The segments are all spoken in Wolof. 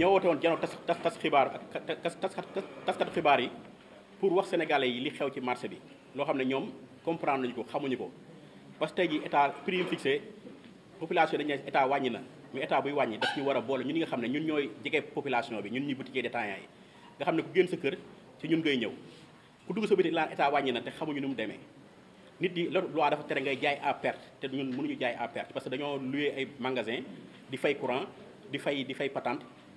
ñoo woote woon janoo tas tas tas xibaar ak tas taskat xibaar yi pour wax sénégalais yi li xew ci marché bi loo xam ne ñoom comprendre nañu ko xamuñu ko parce que tey ji état prix yi fixé population dañu ne état wàññi na mais état buy wàññi daf ñu war a boole ñun ñi nga xam ne ñun ñooy jege population bi ñun ñuy boutiquier détaillant yi nga xam ne ku génn sa kër ci ñun ngay ñëw ku dugg sa bitik laan état wàññi na te xamuñu nu mu demee nit di la loi dafa tere ngay jaay à perte te ñun mënuñu jaay à perte parce que dañoo loué ay magasin di fay courant di fay di fay patente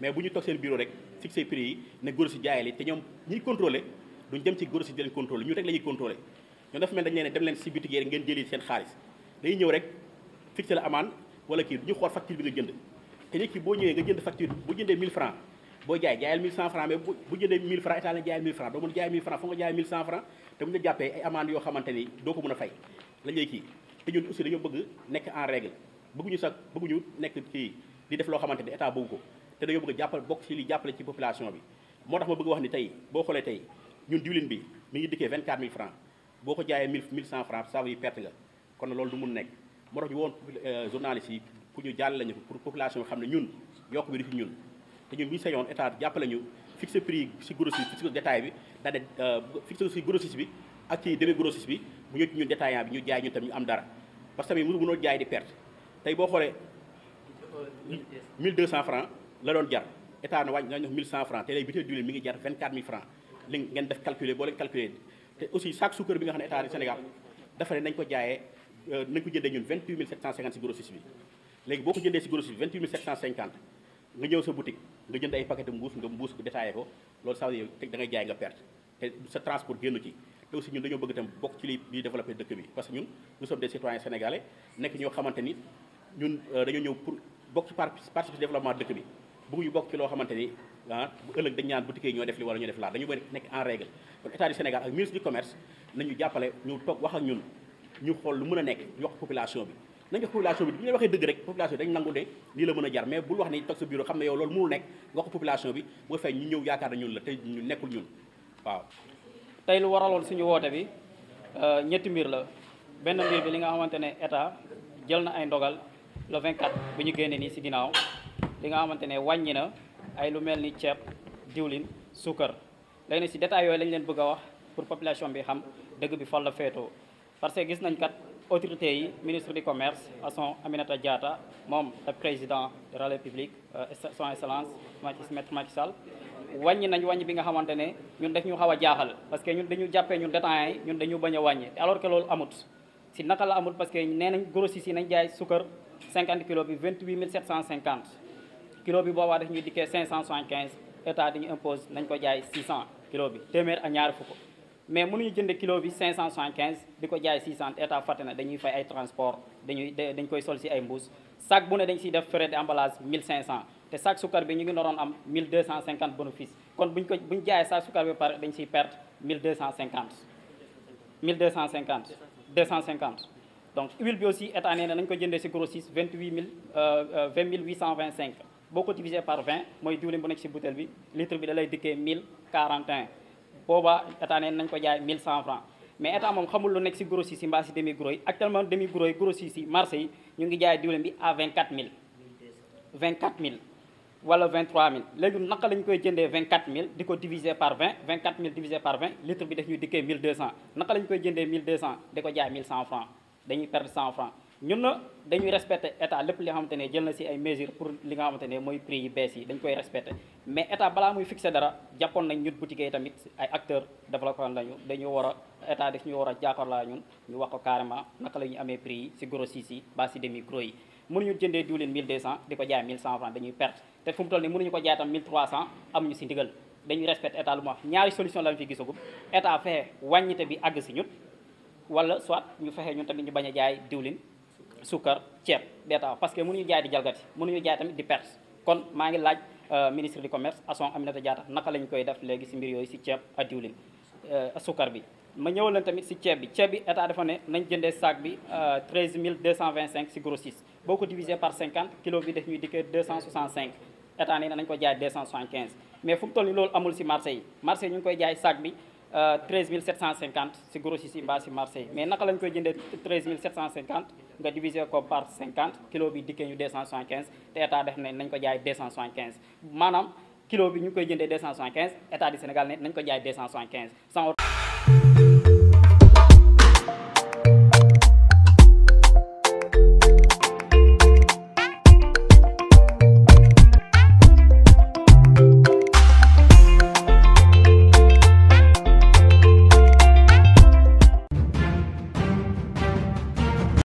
mais bu ñu toog seen bureau rek fixé prix yi ne góor si jaayal yi te ñoom ñiy contrôlé duñ ñu rek la ñuy dem si boutique yi rek ngeen jëli seen xaalis dañuy ñëw rek fixé kii du ñu boo ñëwee nga jënd facture boo jëndee 1000 francs boo jaay jaayal 1100 francs mais ni doo ko bëgg nekk en règle bëgguñu sax bëgguñu nekk kii di def loo xamante ni état bëgg ko te nga bëgg a bokk ci li jàppale ci population bi moo tax ma bëgg wax ni tey boo xoolee tey ñun diwlin bi mi ngi dikkee 24000 francs boo ko jaayee 1000 1100 francs ça veut dire perte nga kon loolu du mun nekk moo tax ñu woon euh, journalistes yi pour ñu jàllale ñu pour population bi xam ne ñun yokk bi du ñun te ñun bi ñu sañoon état jàppale ñu fixer prix si grossiste fixé détail bi daal de euh, fixé si grossiste bi ak ci demi grossiste bi bu ñu ñun détaillant bi ñu jaay ñun tam ñu am dara parce que tamit mënoo jaay di perte tey boo xoolee 1200 francs la doon jar état na wàññi nga jox 1100 francs té lay bi tey mi ngi jar 24000 francs li ngeen def calculer bo leen calculer té aussi chaque sucre bi nga xam état du Sénégal dafa ne nañ ko jaayé euh, nañ ko jëndee ñun 28750 si grossiste bi légui boo jëndé ci si grossiste 28750 nga ñëw sa boutique nga jënd ay paquet mbuus nga mbuus ko détaillé ko loolu sa veut dire da ngay jaay nga perte té sa transport génn ci té aussi ñun dañoo bëgg tam bok ci li bi développer dëkk bi parce que ñun nous sommes des citoyens sénégalais nek ñoo xamante ñun euh, dañoo ñëw pour bok ci partie partie développement dëkk bi bëgguñu bokk ci loo xamante ni ah bu ëllëg dañ ñaan boutique yi ñoo def li wala ñoo def laa dañu bëgg nekk en règle kon état du Sénégal ak ministre du commerce nañu jàppale ñu toog wax ak ñun ñu xool lu mën a nekk ñu wax population bi nañ wax population bi bu waxee dëgg rek population bi dañ nangu ne lii la mën a jar mais bul wax ne toog sa bureau xam ne yow loolu mënul nekk nga wax population bi bu fay ñu ñëw yaakaar na ñun la te ñu nekkul ñun waaw tey lu waraloon suñu woote bi euh, ñetti mbir la benn bi li nga xamante ne état jël na ay ndogal le 24 bu ñu génnee nii si ginnaaw li nga xamante ne wàññi na ay lu mel ni ceeb diwlin suukar léegi nag si détails yooyu leen bëgg wax pour population bi xam dëgg bi fan la féetoo parce que gis nañ kat autorité yi ministre du commerce Assome Aminata jaata moom le président de la république euh, son excellence maître Macky Sall wàññi nañ wàññi bi nga xamante ne ñun def ñu xaw a jaaxal parce que ñun dañu jàppee ñun détaillants yi ñun dañu bañ a wàññi alors que loolu amut si naka la amut parce que nee nañ grossistes yi nañ jaay suukar 50 kilos bi 28 750 kilo bi boobaa daf ñuy dikkee 575 état dañu impose nañ ko jaay 600 kilo bi téeméer ak ñaar fukk mais mënuñu jënd kilo bi 575 diko jaay 600 état fàtte na dañuy fay ay transport dañuy dañ koy sol ci ay mbous sac bu ne dañ siy def frais d'emballage 1500 té sac sukar bi ñu ngi noron am 1250 bénéfice kon buñ ko buñ jaay sac sukar bi par dañ siy perte 1250 1250 250 donc huile bi aussi état né nañ ko jëndé ci grossiste 28 000 20 825 si ko divisé par 20 moy diwlin bu nek ci bouteille bi litre bi da lay dikkee 1041 boobaa état neen nañ ko jaay 1100 francs mais état mom xamul lu nek ci gros sisi demi gros actuellement demi gros yi Marseille marché yi ñu ngi jaay diwlin bi à 24000 24000 wala 23000 légui naka lañ koy jëndé 24000 diko divisé par 20 24000 divisé par 20 litre bi daf ñuy dikkee 1200 naka lañ koy jëndé 1200 diko jaay 1100 francs dañuy perdre 100 francs ñun na dañuy respecté état lépp li nga ne jël na si ay mesures pour li nga xamante ne mooy prix yi bees yi dañ koy respecté mais état balaa muy fixé dara jàppoon nañ ñun boutique yi tamit ay acteurs développement lañu dañu war état daf ñu war a jàkkaarloo ñun ñu wax ko carrément naka lañu amee prix yi si gros siis yi ba si demi gros yi mënuñu jëndee diwlin 1200 di ko jaay 1100 francs dañuy perte te fu mu toll nii mënuñu ko jaay tam 1300 amuñu si ndigal dañuy respecté état lu mu wax ñaari solution lañ fi bi àgg si ñun wala soit ñu fexe ñun tamit ñu bañ a jaay diwlin sukkar ceeb deetaaw parce que mënuñu jaay di jalgati mënuñu jaay tamit di perte kon maa ngi laaj euh, ministre du commerce Assome Aminata Diatta naka lañ koy def léegi si mbir yooyu si ceeb ak diwlin euh, sukkar bi ma ñëwal leen tamit si ceeb bi ceeb bi état dafa ne nañ jëndee sac bi 13225 euh, si mais fu mu toll ni loolu amul si marché yi marché yi ñu koy jaay sac bi 13750 euh, 750 si grossiste yi mbaa si marché yi mais naka lañ koy jëndee 13750 nga diviser ko par 50 kilo bi dikkee ñu 275 te état def nañ ko jaay 275 maanaam kilo bi ñu koy jëndee 275 Sénégal ne nañ ko jaay 275.